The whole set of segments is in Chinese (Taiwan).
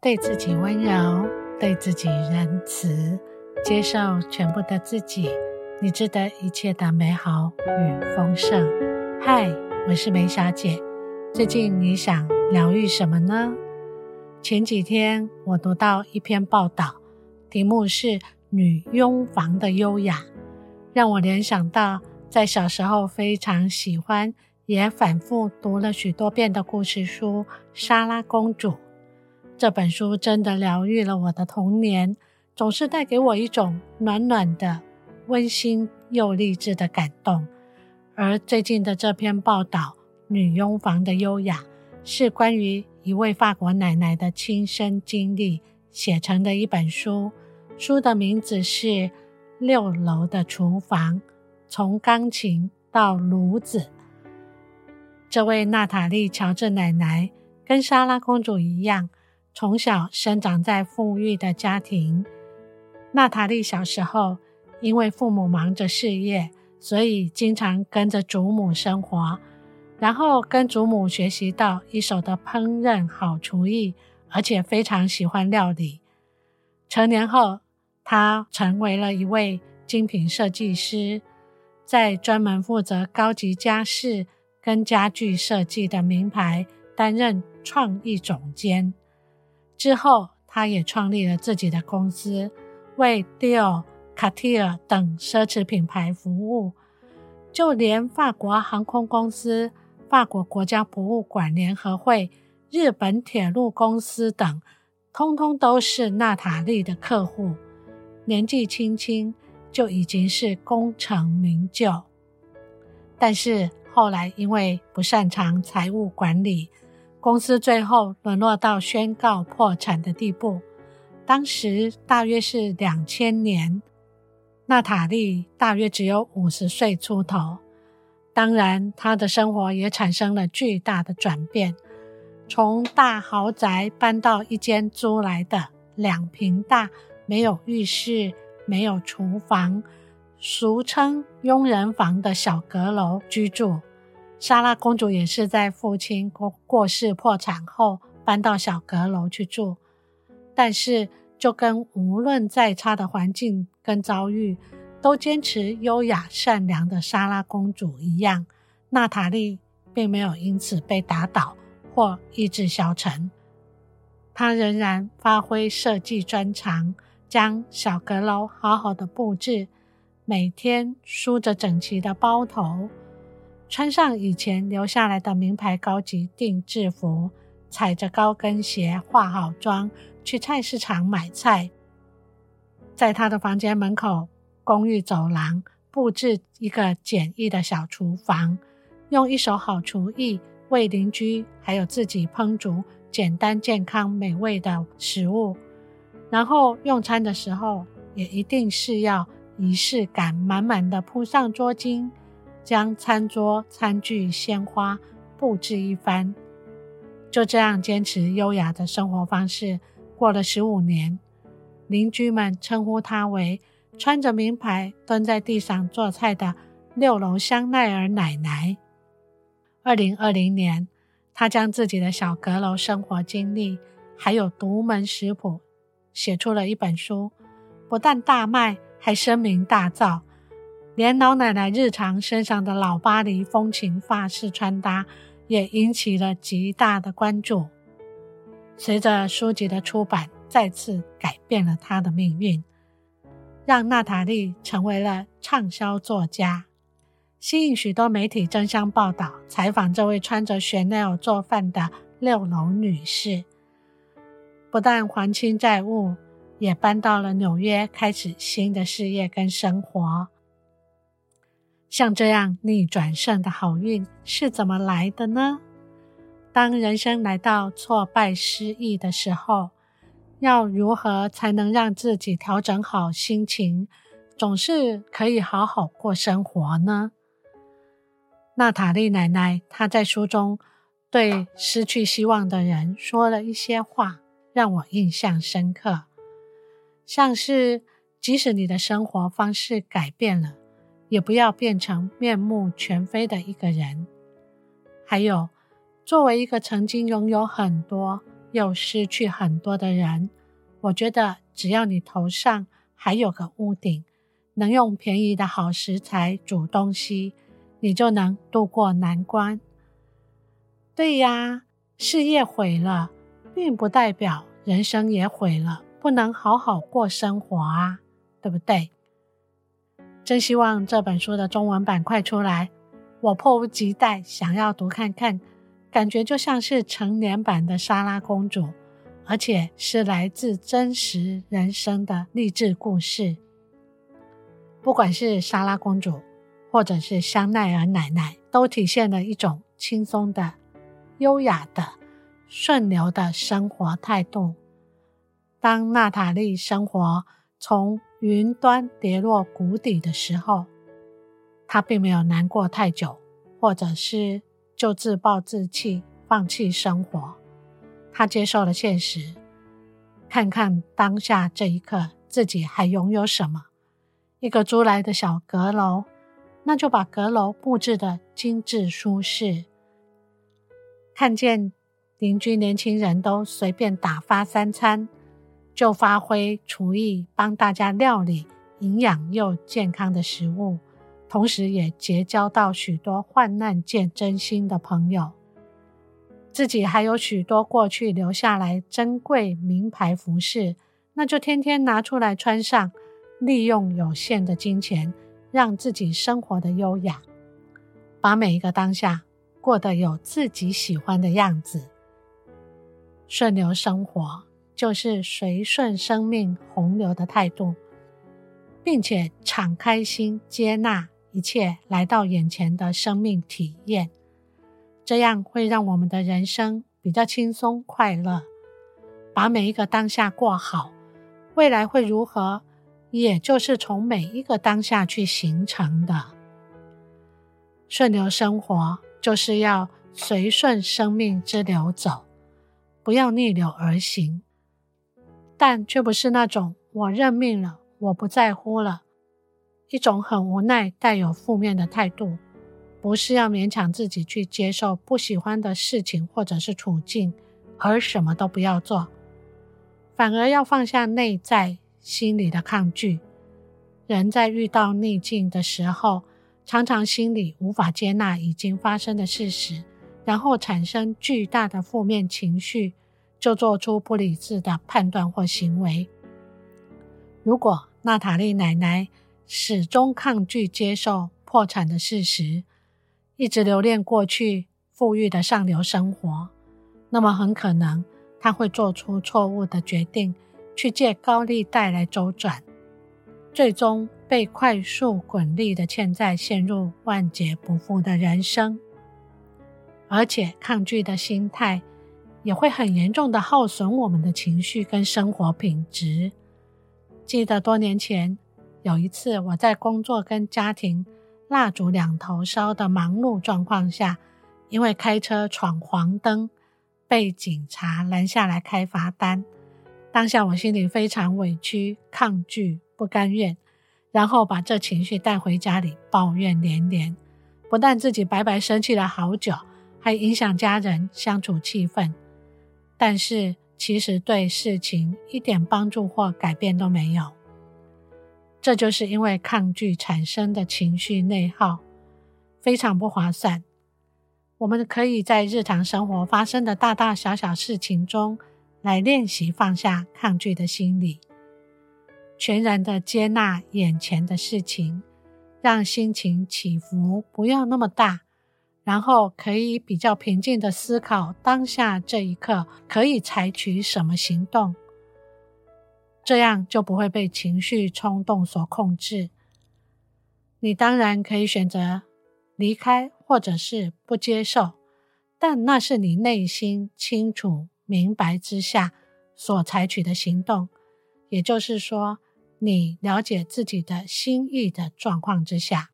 對自己溫柔，對自己仁慈，接受全部的自己，你值得一切的美好與豐盛。嗨，我是梅小姐。最近你想療癒什麼呢？前幾天我讀到一篇報道，題目是《女傭房的優雅》，讓我聯想到在小時候非常喜歡，也反覆讀了許多遍的故事書《莎拉公主》。這本書真的療癒了我的童年，總是帶給我一種暖暖的、溫馨又勵志的感動。而最近的這篇報道《女傭房的優雅》，是關於一位法國奶奶的親身經歷寫成的一本書。書的名字是《六樓的廚房：從鋼琴到爐子》。這位娜塔莉·喬治奶奶跟莎拉公主一樣。從小生長在富裕的家庭。娜塔莉小時候因為父母忙着事業，所以經常跟着祖母生活。然後跟祖母學習到一手的烹飪好廚藝，而且非常喜歡料理。成年後，她成為了一位精品設計師，在專門負責高級家飾跟家具設計的名牌擔任創意總監。之後，他也創立了自己的公司，為 Dior、Cartier 等奢侈品牌服務，就連法國航空公司、法國國家博物館聯合會、日本鐵路公司等，通通都是娜塔莉的客戶。年紀輕輕就已經是功成名就，但是後來因為不擅長財務管理。公司最後淪落到宣告破產的地步，當時大約是兩千年。娜塔莉大約只有五十歲出頭。當然，她的生活也產生了巨大的轉變，從大豪宅搬到一間租來的兩平大、沒有浴室、沒有廚房、俗稱傭人房的小閣樓居住。莎拉公主也是在父親過過世、破產後搬到小閣樓去住，但是就跟無論再差的環境跟遭遇，都堅持優雅、善良的莎拉公主一樣，娜塔莉並沒有因此被打倒或意志消沉，她仍然發揮設計專長，將小閣樓好好的佈置，每天梳着整齊的包頭，穿上以前留下來的名牌高級定製服，踩着高跟鞋，化好妝，去菜市場買菜。在他的房間門口、公寓走廊布置一個簡易的小廚房，用一手好廚藝為鄰居還有自己烹煮簡單、健康、美味的食物。然後用餐的時候，也一定是要儀式感滿滿的鋪上桌巾。將餐桌、餐具、鮮花布置一番，就這樣堅持優雅的生活方式。過了十五年，鄰居們稱呼她為“穿着名牌蹲在地上做菜的六樓香奈兒奶奶”。二零二零年，她將自己的小閣樓生活經歷還有獨門食譜寫出了一本書，不但大賣，還聲名大噪。連老奶奶日常身上的老巴黎風情、髮飾、穿搭也引起了極大的關注。隨着書籍的出版，再次改變了她的命運，讓娜塔莉成為了暢銷作家，吸引許多媒體爭相報道、採訪這位穿着 Chanel 做飯的六樓女士。不但還清債務，也搬到了紐約，開始新的事業跟生活。像這樣逆轉勝的好運是怎麼來的呢？當人生來到挫敗、失意的時候，要如何才能讓自己調整好心情，總是可以好好過生活呢？娜塔莉奶奶她在書中對失去希望的人說了一些話，讓我印象深刻，像是即使你的生活方式改變了。也不要變成面目全非的一個人。還有，作為一個曾經擁有很多又失去很多的人，我覺得只要你頭上還有個屋頂，能用便宜的好食材煮東西，你就能度過難關。對呀，事業毀了，並不代表人生也毀了，不能好好過生活啊，對不對？真希望這本書的中文版快出來，我迫不及待想要讀看看，感覺就像是成年版的《莎拉公主》，而且是來自真實人生的勵志故事。不管是莎拉公主，或者是香奈兒奶奶，都體現了一種輕鬆的、優雅的、順流的生活態度。當娜塔莉生活從雲端跌落谷底的時候，他並沒有難過太久，或者是就自暴自棄、放棄生活。他接受了現實，看看當下這一刻自己還擁有什麼。一個租來的小閣樓，那就把閣樓布置得精緻舒適。看見鄰居年輕人都隨便打發三餐。就發揮廚藝，幫大家料理營養又健康的食物，同時也結交到許多患難見真心的朋友。自己還有許多過去留下來珍貴名牌服飾，那就天天拿出來穿上，利用有限的金錢，讓自己生活的優雅，把每一個當下過得有自己喜歡的樣子，順流生活。就是隨順生命洪流的態度，並且敞開心接納一切來到眼前的生命體驗，這樣會讓我們的人生比較輕鬆快樂。把每一個當下過好，未來會如何，也就是從每一個當下去形成的。順流生活就是要隨順生命之流走，不要逆流而行。但卻不是那種我認命了，我不在乎了，一種很無奈、帶有負面的態度，不是要勉強自己去接受不喜歡的事情或者是處境，而什麼都不要做，反而要放下內在心裡的抗拒。人在遇到逆境的時候，常常心裡無法接納已經發生的事實，然後產生巨大的負面情緒。就做出不理智的判斷或行為。如果娜塔莉奶奶始終抗拒接受破產的事實，一直留戀過去富裕的上流生活，那麼很可能她會做出錯誤的決定，去借高利貸來周轉，最終被快速滾利的欠債陷入萬劫不復的人生。而且，抗拒的心態。也會很嚴重地耗損我們的情緒跟生活品質。記得多年前有一次，我在工作跟家庭蠟燭兩頭燒的忙碌狀況下，因為開車闖黃燈被警察攔下來開罰單。當下我心裡非常委屈、抗拒、不甘願，然後把這情緒帶回家裡，抱怨連連。不但自己白白生氣了好久，還影響家人相處氣氛。但是，其實對事情一點幫助或改變都沒有。這就是因為抗拒產生的情緒內耗，非常不划算。我們可以在日常生活發生的大大小小事情中，來練習放下抗拒的心理，全然的接納眼前的事情，讓心情起伏不要那麼大。然後可以比較平靜的思考當下這一刻可以採取什麼行動，這樣就不會被情緒衝動所控制。你當然可以選擇離開或者是不接受，但那是你內心清楚明白之下所採取的行動，也就是說你了解自己的心意的狀況之下。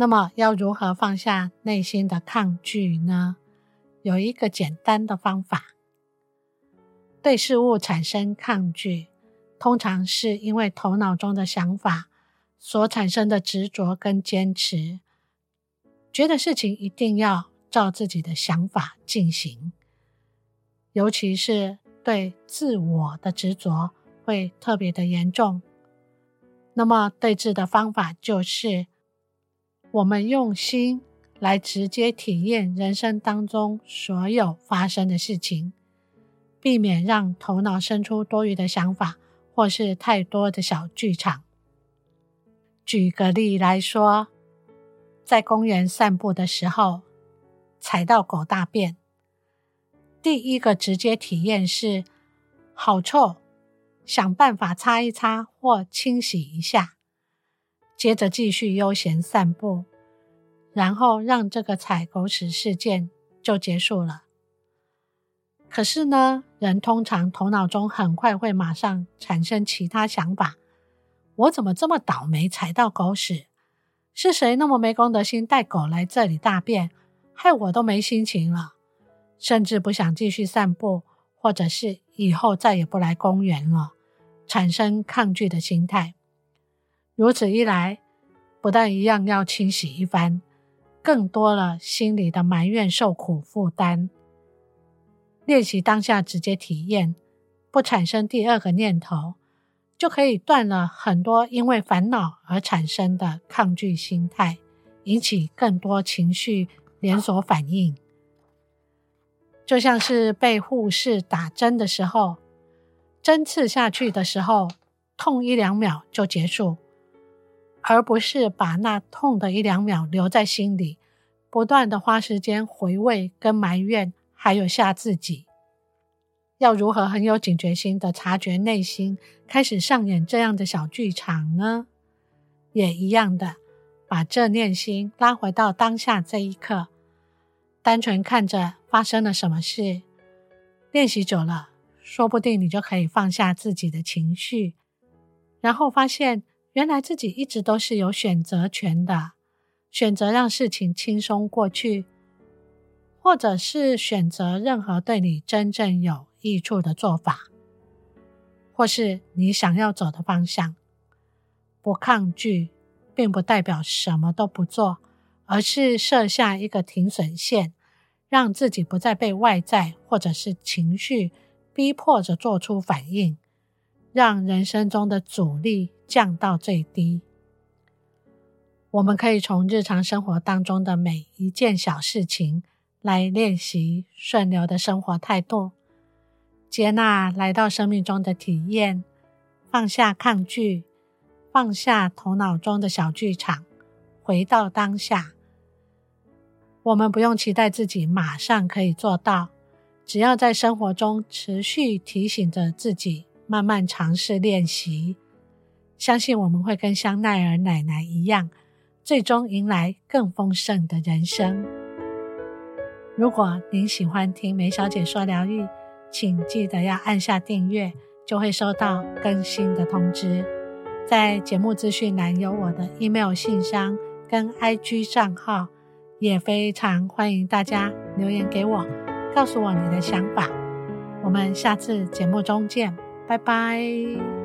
那麼要如何放下內心的抗拒呢？有一個簡單的方法。對事物產生抗拒，通常是因為頭腦中的想法所產生的執着跟堅持，覺得事情一定要照自己的想法進行，尤其是對自我的執着會特別的嚴重。那麼對治的方法就是。我們用心來直接體驗人生當中所有發生的事情，避免讓頭腦生出多餘的想法或是太多的小劇場。舉個例來說，在公園散步的時候踩到狗大便，第一個直接體驗是好臭，想辦法擦一擦或清洗一下。接着繼續悠閒散步，然後讓這個踩狗屎事件就結束了。可是呢，人通常頭腦中很快會馬上產生其他想法：我怎麼這麼倒霉踩到狗屎？是誰那麼沒公德心帶狗來這裡大便，害我都沒心情了，甚至不想繼續散步，或者是以後再也不來公園了，產生抗拒的心態。如此一來，不但一樣要清洗一番，更多了心裡的埋怨、受苦、負擔。練習當下直接體驗，不產生第二個念頭，就可以斷了很多因為煩惱而產生的抗拒心態，引起更多情緒連鎖反應。就像是被護士打針的時候，針刺下去的時候，痛一兩秒就結束。而不是把那痛的一兩秒留在心裡，不斷的花時間回味跟埋怨，還有嚇自己。要如何很有警覺心的察覺內心開始上演這樣的小劇場呢？也一樣的，把這念心拉回到當下這一刻，單純看着發生了什麼事。練習久了，說不定你就可以放下自己的情緒，然後發現。原來自己一直都是有選擇權的，選擇讓事情輕鬆過去，或者是選擇任何對你真正有益處的做法，或是你想要走的方向。不抗拒，並不代表什麼都不做，而是設下一個停損線，讓自己不再被外在或者是情緒逼迫着做出反應，讓人生中的阻力。降到最低。我們可以從日常生活當中的每一件小事情來練習順流的生活態度，接納來到生命中的體驗，放下抗拒，放下頭腦中的小劇場，回到當下。我們不用期待自己馬上可以做到，只要在生活中持續提醒着自己，慢慢嘗試練習。相信我們會跟香奈兒奶奶一樣，最終迎來更豐盛的人生。如果您喜歡聽梅小姐說療癒，請記得要按下訂閱，就會收到更新的通知。在節目資訊欄有我的 email 信箱跟 IG 賬號，也非常歡迎大家留言給我，告訴我你的想法。我們下次節目中見，拜拜。